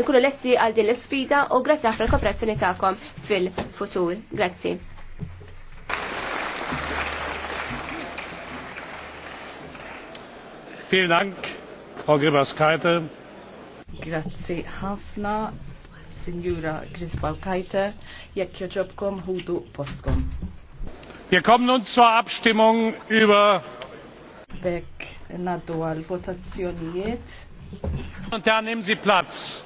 ikunu lessi għal din l-sfida u grazzi għafra l-kooperazzjoni ta'kom fil-futur. Grazzi. Vielen Dank, Frau Gribas-Keite. Grazie ħafna, Signora Grisbal-Keite. Jekk joġobkom, hudu postkom. Wir kommen nun zur Abstimmung über Beck, naddu għal votazzjonijiet. Und da nehmen Sie Platz.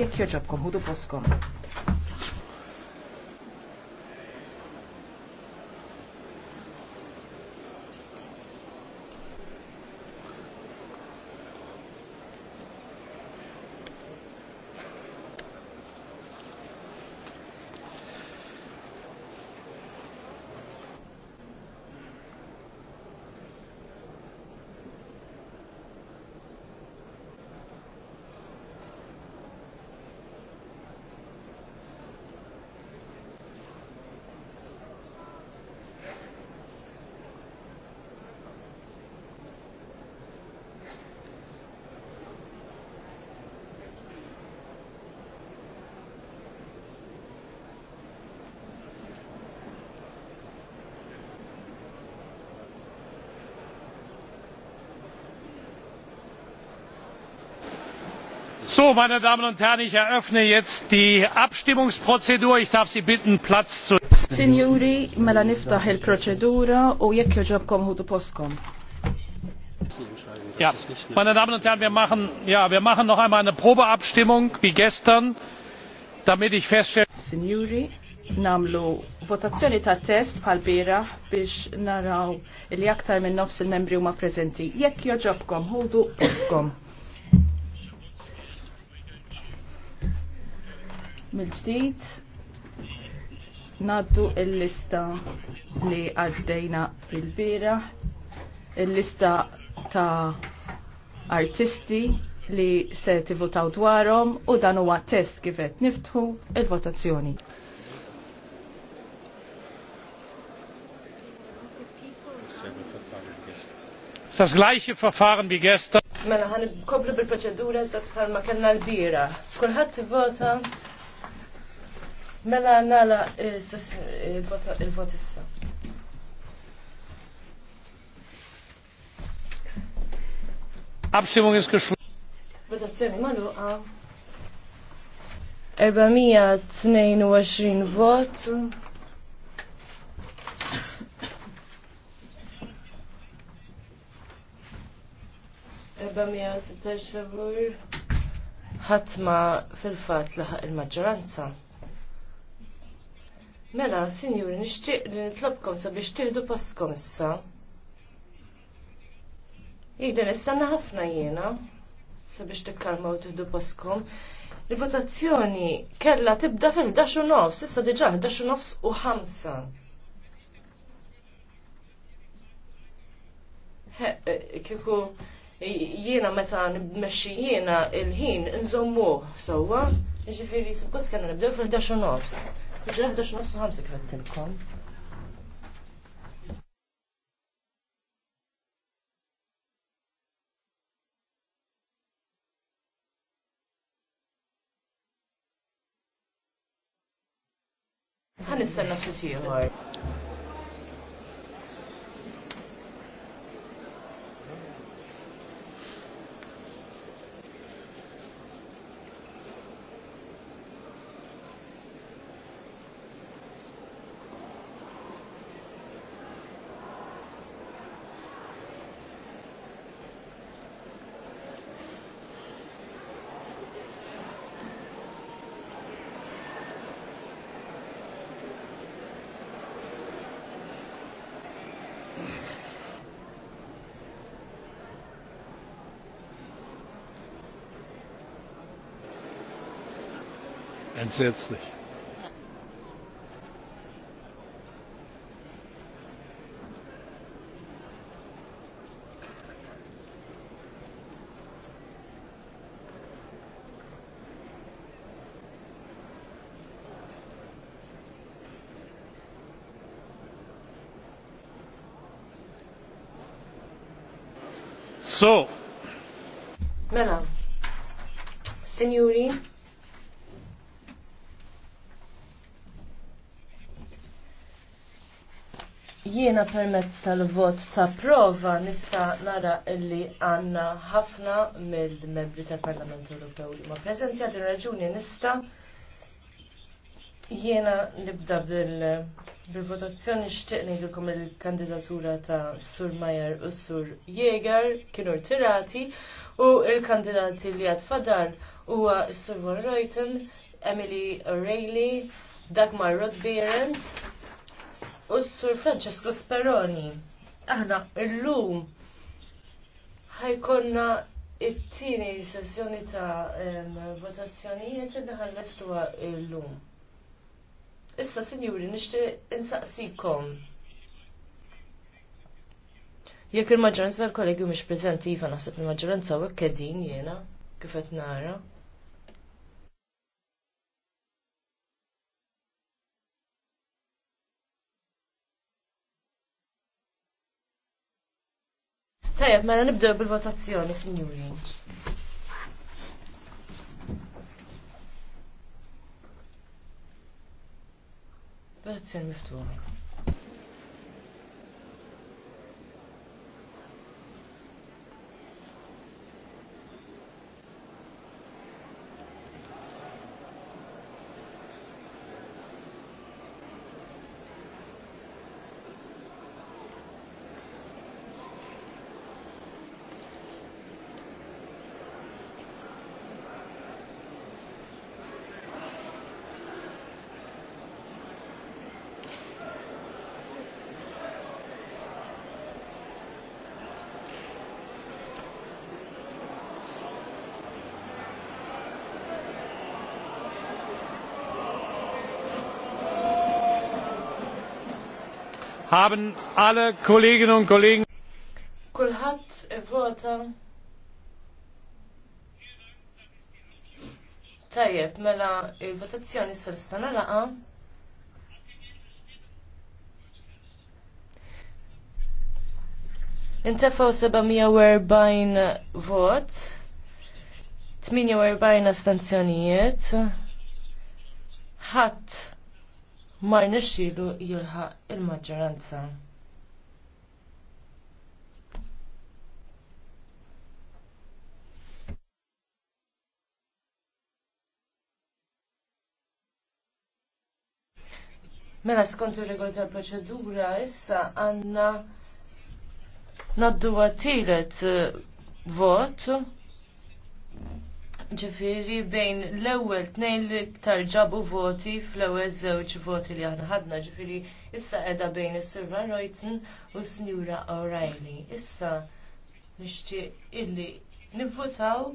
Jekk joġobkom, ħudu poskom. So, meine Damen und Herren, ich eröffne jetzt die Abstimmungsprozedur. Ich darf Sie bitten, Platz zu... Signori, mela niftaħ il-proċedura u jekk joġobkom hudu postkom. Ja, meine Damen und Herren, wir machen, ja, wir machen noch einmal eine Probeabstimmung wie gestern, damit ich feststelle... Signori, namlu votazzjoni ta' test pal bira biex naraw il-jaktar minn nofs il-membri huma preżenti. Jekk joġobkom, hudu postkom. mill-ġdid naddu il-lista li għaddejna fil bira il-lista ta' artisti li se tivutaw dwarhom u dan huwa test kif qed niftħu il-votazzjoni. Das gleiche Verfahren wie gestern. Mela ħan koplu bil-proċedura eżatt bħalma kellna l-bira. t tivvota Mela nala il-vot issa. Abstimmung ist geschlossen. Votazzjoni maluqa. 422 vot. Erba' 116 favur. Hatma fil-fatt laħaq il-maġġoranza. Mela, sinjuri, nixtieq li nitlobkom sabiex tieħdu postkom issa. Ida istanna ħafna jiena sabiex u tieħdu postkom. Il-votazzjoni kella tibda fil-11 nofs, issa diġà 11 nofs u 5. Eh, Kiku jiena meta nibmexxi jiena il-ħin nżommuh sewwa, jiġifieri suppost kellna nibdew fil-11 nofs. Ġerħda x'nofs ħamsek għattilkom. Ħanistenna entsetzlich. Jiena permezz tal-vot ta' prova nista' nara illi għanna ħafna mill-membri tal-Parlament Ewropew li ma' preżenti għal raġuni nista' jiena nibda bil-votazzjoni bil xtieq ngħidilkom il-kandidatura ta' Sur Majer u Sur Jäger kienu rtirati u il-kandidati li għad fadal huwa Sur Van Reuten, Emily O'Reilly, Dagmar Rodbeerent, u s-Sur Francesco Speroni. Aħna illum ħajkonna it-tieni sessjoni ta' votazzjonijiet li ħalles illum. Issa, sinjuri, nixtieq insaqsikom Jekk il-maġġoranza tal-kollegi mhix preżenti, iva naħseb il-maġġoranza u hekk qegħdin jiena kif qed nara. Tajab, mela nibdew bil-votazzjoni, signori. Votazzjoni miftuħa. haben alle Kolleginnen und Kollegen Kulhat ivvota Tajjeb, mela il-votazzjoni issa nistana laqa. Intefaw 740 vot, 48 astenzjonijiet, ħadd ma rnexxielu jilħaq il-maġġoranza. Mela skont ir-regoli tal-proċedura issa għandna naddu għatilet eh, vot ġifiri bejn l-ewwel tnejn li iktar ġabu voti fl-ewwel żewġ voti li aħna ħadna ġifiri issa qiegħda bejn is-Sir Van Reuten u Snura O'Reilly. Issa nixtieq illi nivvotaw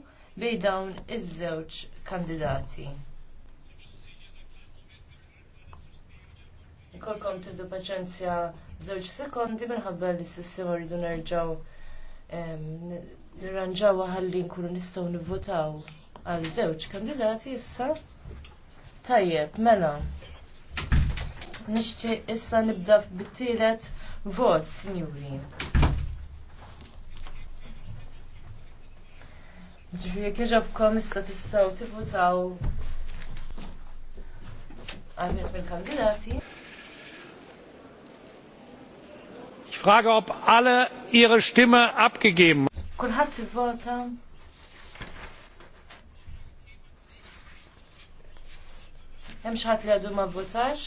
bejn dawn iż-żewġ kandidati. Ikolkom tibdu paċenzja żewġ sekondi minħabba li s-sistema rridu nerġgħu nirranġaw ħalli nkunu nistgħu nivvotaw għal żewġ kandidati issa. Tajjeb, mela. Nixti issa nibda bit-tielet vot, sinjuri. Ġifiri, kieġabkom issa tistaw tivutaw għalmet bil kandidati Ich frage, ob alle ihre Stimme abgegeben. Kulħat vota Hemm xi ħadd li għadu ma votax?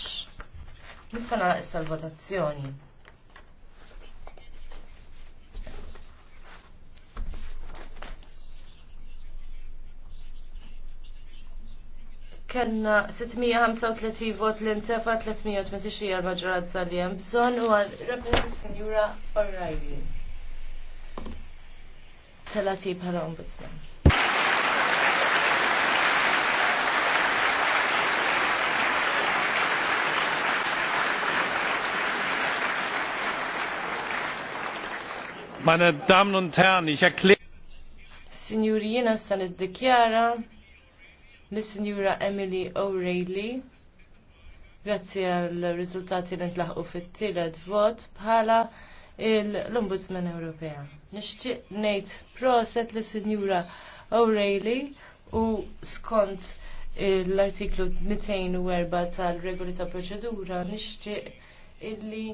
Nista' nagħlaq issa l-votazzjoni. Kenna 635 vot l-intefa 380 hija l li hemm bżonn u għal Sinjura O'Reilly. tip bħala ombudsman. Meine Damen und Herren, ich erkläre. Signorina Sanet de Chiara, li Signora Emily O'Reilly, grazzi għal riżultati li ntlaħqu fit-tielet vot bħala l-Ombudsman Ewropea. Nixtieq ngħid proset li Signora O'Reilly u skont l-artiklu 204 tal-regoli ta' proċedura nixtieq illi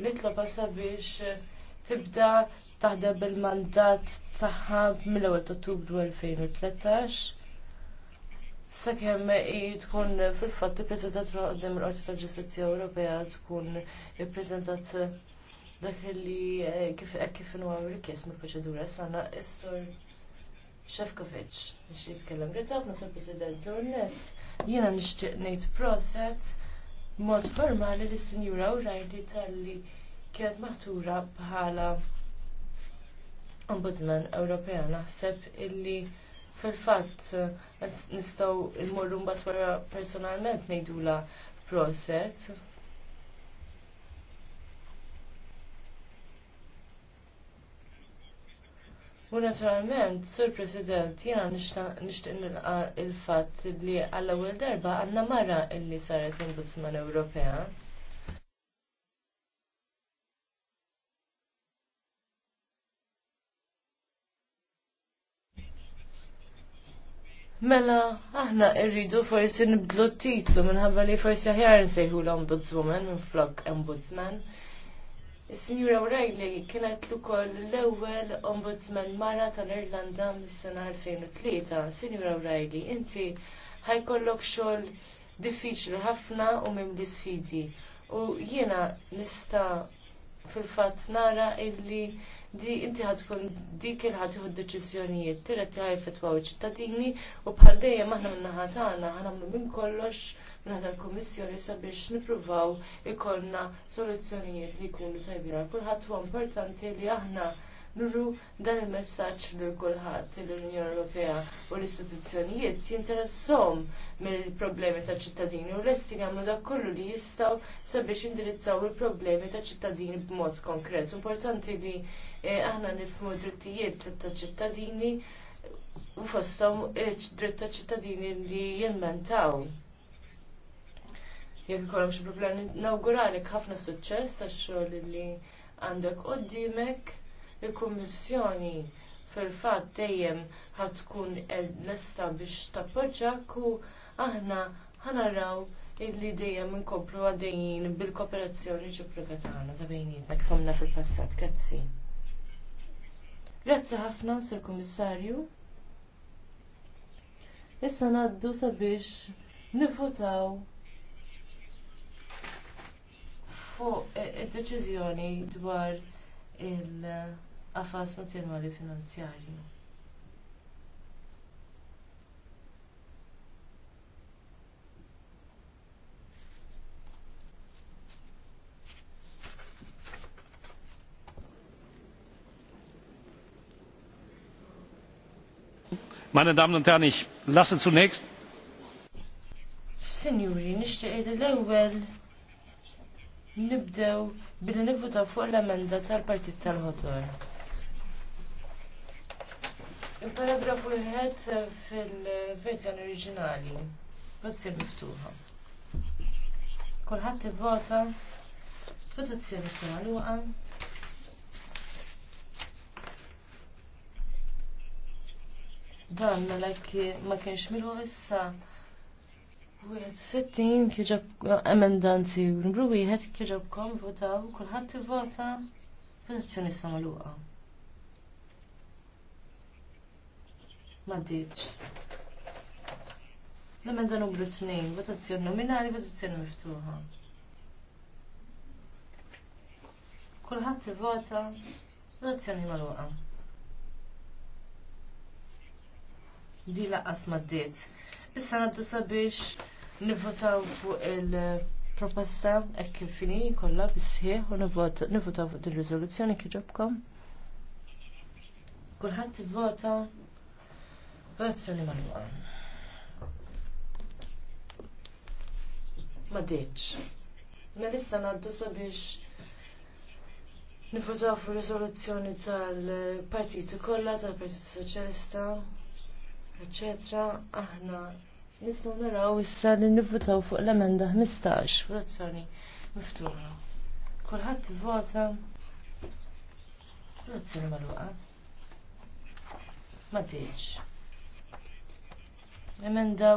nitloba sabiex tibda taħdem bil-mandat tagħha mill-ewwel Ottubru 2013. Sakemm tkun fil-fatt ippreżentat qudiem il-Qorti tal-Ġustizzja Ewropea tkun ippreżentat dak li eh, kif eh, kif inhu rikjes mill-proċedura sana is-sur Shevkovic biex jitkellem. Grazie ma sur President Lornes. Jiena nixtieq ngħid proset mod formali lis-Sinjura O'Reilly tal-li kienet maħtura bħala Ombudsman Ewropea. Naħseb illi fil-fatt eh, nistaw immorru mbagħad wara personalment ngħidula proset. U naturalment, Sur President, jena nishtiq nilqa il-fatt li għall-ewwel darba għandna mara illi saret Ombudsman Ewropea. Mela, aħna irridu forsi nibdlu titlu minħabba li forsi aħjar nsejħu l-ombudswoman flok ombudsman. Signora O'Reilly kienet l-ukoll l-ewwel ombudsman mara tal-Irlanda mis-sena 2003. Signora O'Reilly, inti ħajkollok xogħol diffiċli ħafna u mim disfidi. U jiena nista' fil-fatt nara illi di inti ħad tkun dik il ħad d deċiżjonijiet, tiret jaffettwaw iċ-ċittadini u bħal dejjem aħna min-naħa tagħna nagħmlu minn kollox minn tal-Kummissjoni sabiex nippruvaw ikollna soluzzjonijiet li jkunu tajbin għal kulħadd huwa importanti li aħna nuru dan il-messaġġ lil kulħadd l-Unjoni Ewropea u l-istituzzjonijiet jinteressom mill-problemi ta' ċittadini u lesti jagħmlu dak kollu li jistgħu sabiex indirizzaw il-problemi ta' ċittadini b'mod konkret. Importanti li eh, aħna nifhmu drittijiet ta' ċittadini u fosthom dritt ta' ċittadini li jimmentaw. jekk ikollhom xi problemi nawguralek ħafna suċċess għax-xogħol li għandek qudiemek il-Kummissjoni fil-fatt dejjem ħatkun tkun lesta biex tappoġġak u aħna ħanaraw illi dejjem inkomplu għaddejjin bil-kooperazzjoni ġifrika tagħna ta' bejnietna kif għamna fil-passat. Grazzi. Grazzi ħafna, Sir Kummissarju. Issa ngħaddu sabiex nifutaw fuq id-deċiżjoni dwar il- għafas multinwali finanzjarju. Meine Damen und Herren, ich lasse zunächst. Signori, nixtieq l-ewwel nibdew billi nivvutaw fuq l-emenda tal-Partit tal-Ħodor. Il-paragrafu jħed fil-verżjoni oriġinali. Votazzjoni miftuħa. Kulħadd ivvota. Votazzjoni se magħluqa. Dan malek ma kienx milu issa. Wieħed sittin kieġab emendanti, numru wieħed kieġab kom votaw, kulħadd tivvota Votazzjoni se magħluqa. Maddiċ. L-emenda numru 2, votazzjoni nominali, votazzjoni miftuħa. Kulħadd ivvota, votazzjoni magħluqa. Di laqas maddiet. Issa naddu sabiex nivvotaw fuq il-proposta hekk kif fini kollha bisħieħ u nivvotaw fuq din riżoluzzjoni kif ġobkom. Kulħadd ivvota, Votazzjoni manuqa. Ma ditx. Melissa naddu sabiex nifutaw fu risoluzzjoni tal-partitu kollha tal partitu Soċjalista, eccetera, aħna nistgħu naraw issa li nifutaw fuq l-emenda 15 votazzjoni miftuħa. Kulħadd vota votazzjoni maluqa. Ma tiġ. Emenda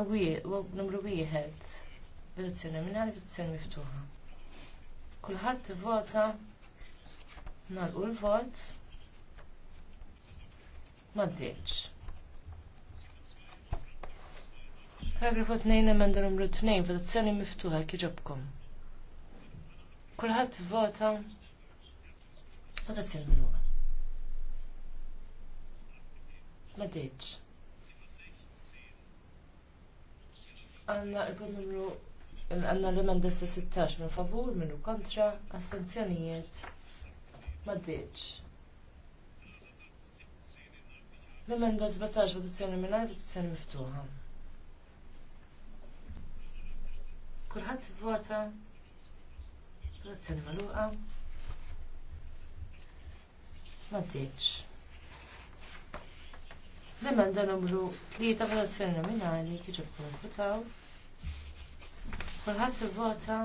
numru wieħed. Votazzjoni nominali, votazzjoni miftuħa. Kulħadd vota nagħlqu l-vot ma ddiċ. Paragrafu 2 emenda numru 2, votazzjoni miftuħa kieġobkom. Kulħadd vota votazzjoni miftuħa. Ma ddiċ. Għanna il-punt numru għanna l-emenda 16 minn favur, minnu kontra, astenzjonijiet, maddiċ. L-emenda 17 votazzjoni minn għal votazzjoni miftuħa. Kulħadd vota votazzjoni maluqa Ma tiġx. L-emenda numru 3 votazzjoni nominali kieġu votaw. Kulħadd ivvota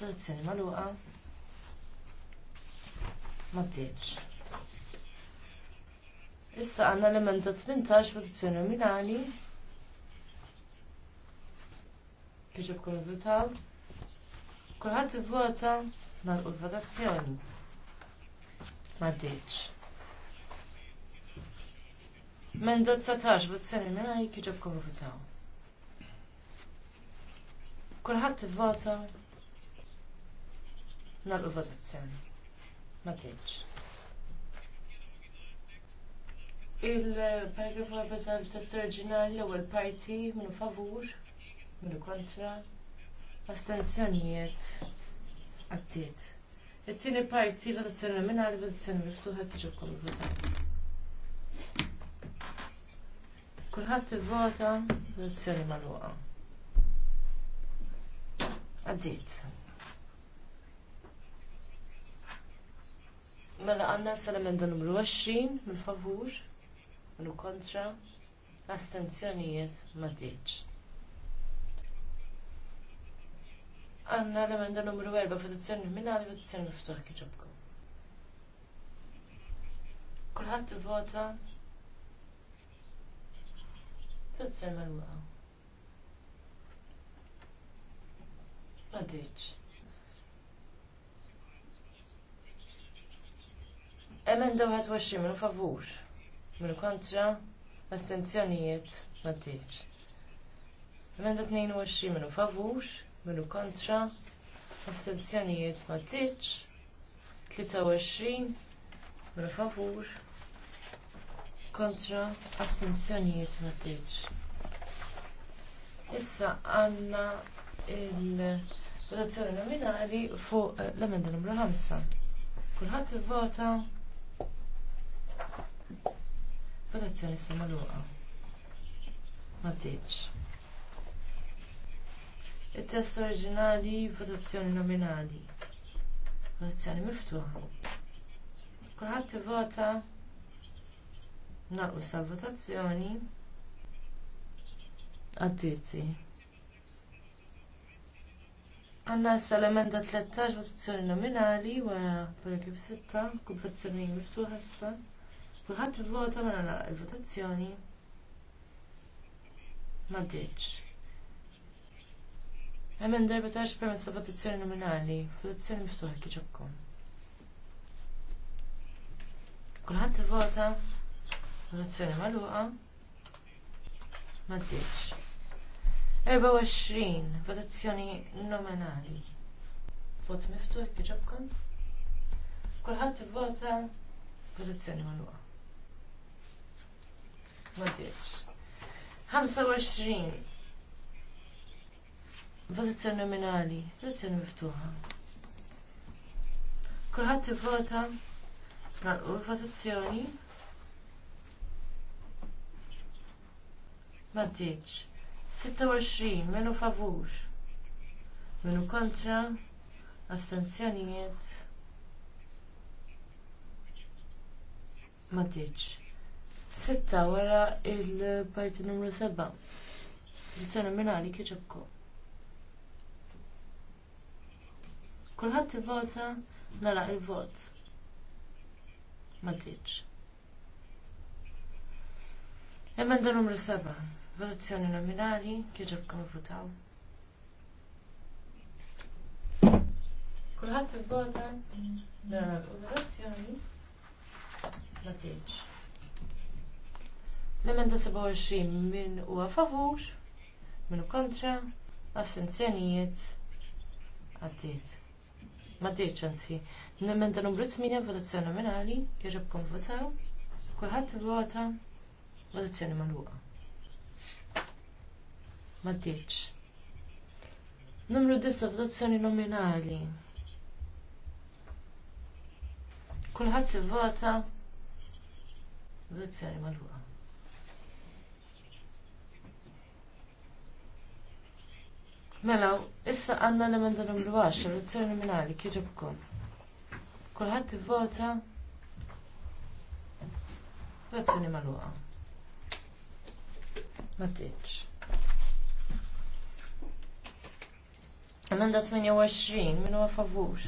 votazzjoni magħluqa. Ma tiġ. Issa għandna l-emenda 18 votazzjoni nominali. Kieġu votaw. Kulħadd ivvota nagħlqu l-votazzjoni. Ma tiġ. Menda 19, votazzjoni nominali kif ġobkom votaw. Kulħadd ivvota nagħlqu votazzjoni. Ma tiġ. Il-paragrafu 4 l test oriġinali l-ewwel parti minnu favur, minu kontra, astenzjonijiet għattiet. It-tieni parti votazzjoni nominali votazzjoni miftuħa kif ġobkom votaw. Kulħadd ivvota votazzjoni magħluqa. Għaddiet. Mela għandna s salamenda numru 20 mill-favur, mill kontra, astenzjonijiet ma' diċ. Għanna l-emenda numru 4, votazzjoni nominali, votazzjoni miftuħ kħiġobkom. Kulħadd vota Votazzjoni magħluqa. Għadiċ. Emenda 21 minu favur. Minu kontra astenzjonijiet ma tiġ. Emenda waxi minu favur. Minu kontra astenzjonijiet ma tiġ. 23 minu favur kontra astenzjonijiet ma tiġ. Issa għanna il-votazzjoni nominali fuq eh, l-emenda numru 5. Kulħadd il-vota votazzjoni sema magħluqa. Ma tiġ. Il-test oriġinali votazzjoni nominali. Votazzjoni miftuħa. Kulħadd il-vota Naqu votazzjoni Għadditi. Għanna issa l-emenda 13 votazzjoni nominali wara kif 6 kumplazzjoni miftuħa issa. Kulħadd ivvota ma mela għanna l-votazzjoni. Ma ditx. Għemmen darba taċ permess ta' votazzjoni nominali, votazzjoni miftuħa kieġobkom. Kulħadd vota Votazzjoni maluqa. Maddiċ. 24. Votazzjoni nominali. Vot miftuħ, kħiġabkom? Kulħadd vota votazzjoni maluqa. Maddiċ. 25 votazzjoni nominali, votazzjoni miftuħa. Kulħat ivvota nagħlqu l-votazzjoni. ma Maddiċ. 26 menu favur. Menu kontra. Astenzjonijiet. Ma Maddiċ. Sitta wara il-parti numru 7. Votazzjoni nominali kieġabko. Kulħadd ivota nalaq il-vot. Ma Maddiċ. Emenda numru 7. Votazzjoni nominali, kom votaw. Kulħadd vota l votazzjoni ma tiġ. L-emenda 27 min huwa favur, min kontra, assenzjonijiet għaddiet. Ma tiġ anzi. L-emenda numru 8 votazzjoni nominali, kom votaw. Kulħadd vota votazzjoni magħluqa ma ditx. Numru 10 votazzjoni nominali. Kulħadd ivvota votazzjoni magħluqa. Mela, issa għanna l-emenda numru 10, votazzjoni nominali, kieġobkom. Kulħadd ivvota votazzjoni magħluqa. Ma tgħidx. Emenda 28, minu għafavur.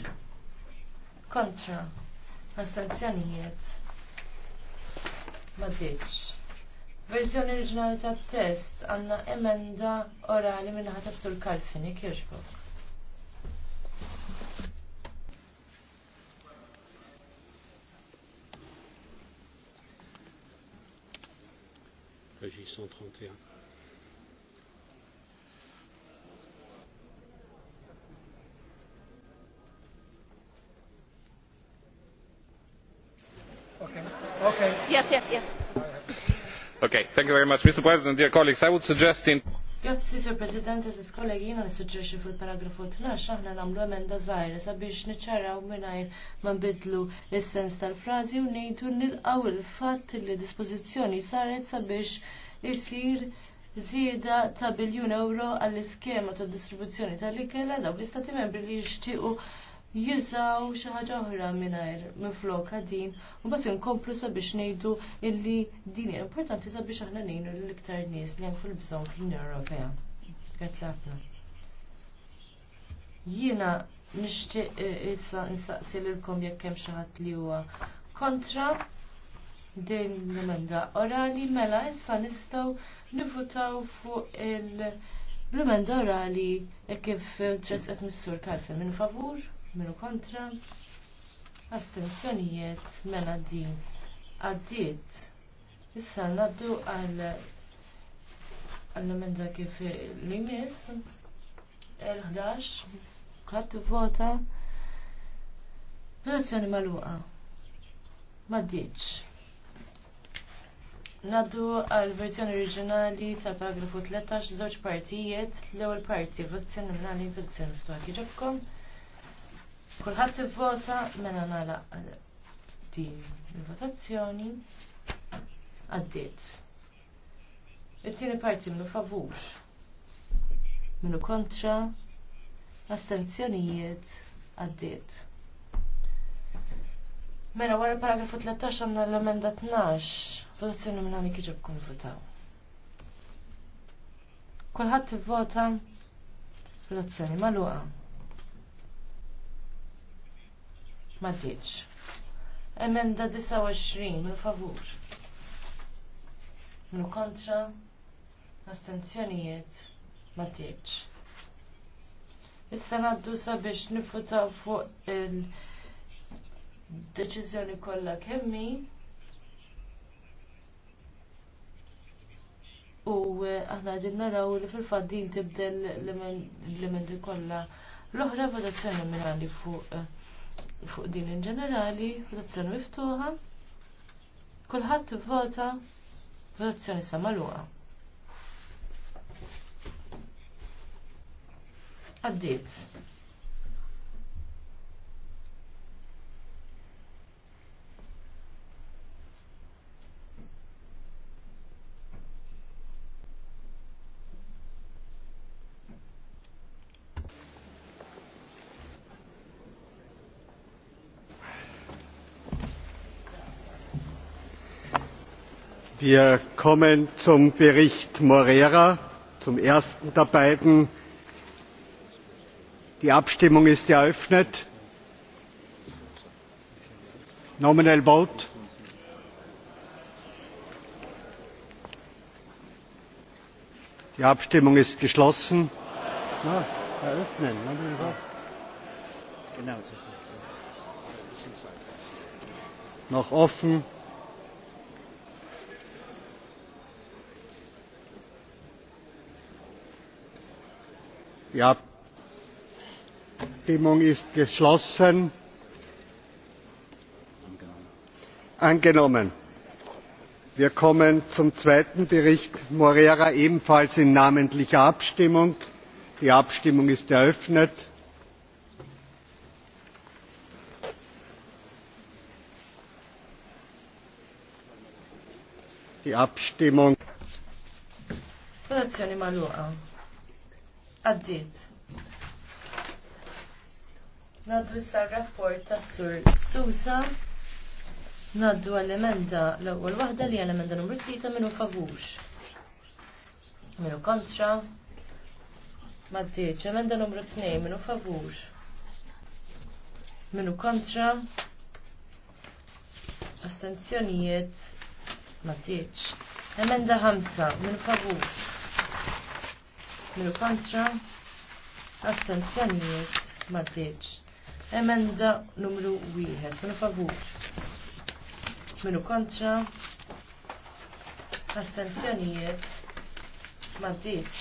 Kontra. Astenzjonijiet. Ma Verżjoni oriġinali ta' test għanna emenda orali ħata minnaħat sur kalfini kjoġbok. Régis 131. Mr. President, dear colleagues. I would suggest in Grazzi, Sir President, eżis kollegi, jina nissuġġerxi fil-paragrafu 12, aħna nagħmlu emenda żgħira sabiex niċċaraw mingħajr ma nbidlu l-sens tal frażi u nejdu nilqaw il fatt li dispozizjoni saret sabiex jisir zieda ta' biljun euro għall-iskema ta' distribuzzjoni tal-ikela daw l-istati membri li jixtiequ jużaw xi ħaġa oħra mingħajr minflok din u mbagħad inkomplu sabiex ngħidu illi din hija importanti sabiex aħna ngħinu lill-iktar nies li hemm fil-bżonn fl-Unjoni Ewropea. Grazzi ħafna. Jiena nixtieq eh, issa nsaqsi lilkom jekk hemm xi ħadd li huwa kontra din l-emenda orali mela issa nistgħu nivutaw fuq il- emenda orali kif tresqet mis-sur kalfin minn favur? minu kontra, astenzjonijiet mela din għaddiet. Issa naddu għal għall-emenda kif l-imis, l-11, kħattu vota, votazzjoni maluqa, maddiċ. Naddu għal verżjoni oriġinali tal-paragrafu 13 żewġ partijiet, l-ewwel parti votazzjoni nominali votazzjoni ftuħ kieġobkom. Kulħadd ivvota mela nagħlaq din il-votazzjoni għaddiet. It-tieni parti minnu favur. Minnu kontra astenzjonijiet għaddiet. Mela wara paragrafu 13 għandna l-emenda 12, votazzjoni minn għalik iġib kun votaw. Kulħadd ivvota votazzjoni magħluqa. ma ditx. Emenda 29, minu favur. Minu kontra, astenzjonijiet, ma ditx. Issa naddu sabiex nifutaw fuq il-deċizjoni kollha kemmi u eh, aħna għedin naraw li fil-faddin tibdel l-emendi kollha l-oħra votazzjoni li fuq eh, fuq din in ġenerali, votazzjoni miftuħa, kulħadd ivvota votazzjoni sa magħluqa. Għaddiet. Wir kommen zum Bericht Moreira, zum ersten der beiden. Die Abstimmung ist eröffnet. Nominal Vote. Die Abstimmung ist geschlossen. Na, eröffnen. Nominal Vote. Noch offen. Die Abstimmung ist geschlossen. Angenommen. Wir kommen zum zweiten Bericht Morera ebenfalls in namentlicher Abstimmung. Die Abstimmung ist eröffnet. Die Abstimmung. Votazione manuale. Għaddiet. Naddu issa rapport ta' Sur Susa. Naddu għall-emenda l-ewwel waħda li għall-emenda numru 3 minnu favur. Minnu kontra. Maddiċ, emenda numru 2 minnu favur. Minnu kontra. Astenzjonijiet. Maddiet. Emenda 5 minnu favur. Minu kontra? Astenzjonijiet ma tiġ. Emenda numru 1. Minu favur? Minu kontra? Astenzjonijiet ma tiġ.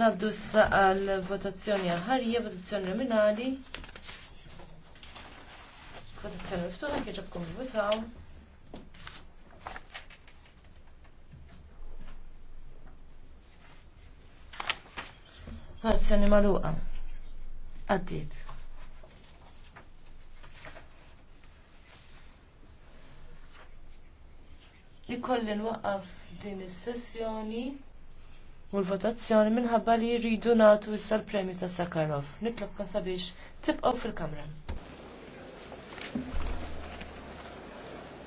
Naddu għal votazzjoni ħarija, votazzjoni nominali. Votazzjoni miftuħa kieġabkom votaw. Votazzjoni maluqa. Għaddit. Ikolli nwaqqaf din is-sessjoni u l-votazzjoni minħabba li jridu nagħtu issa l-premju ta' Sakarov. Nitlobkom sabiex tibqgħu fil-kamra.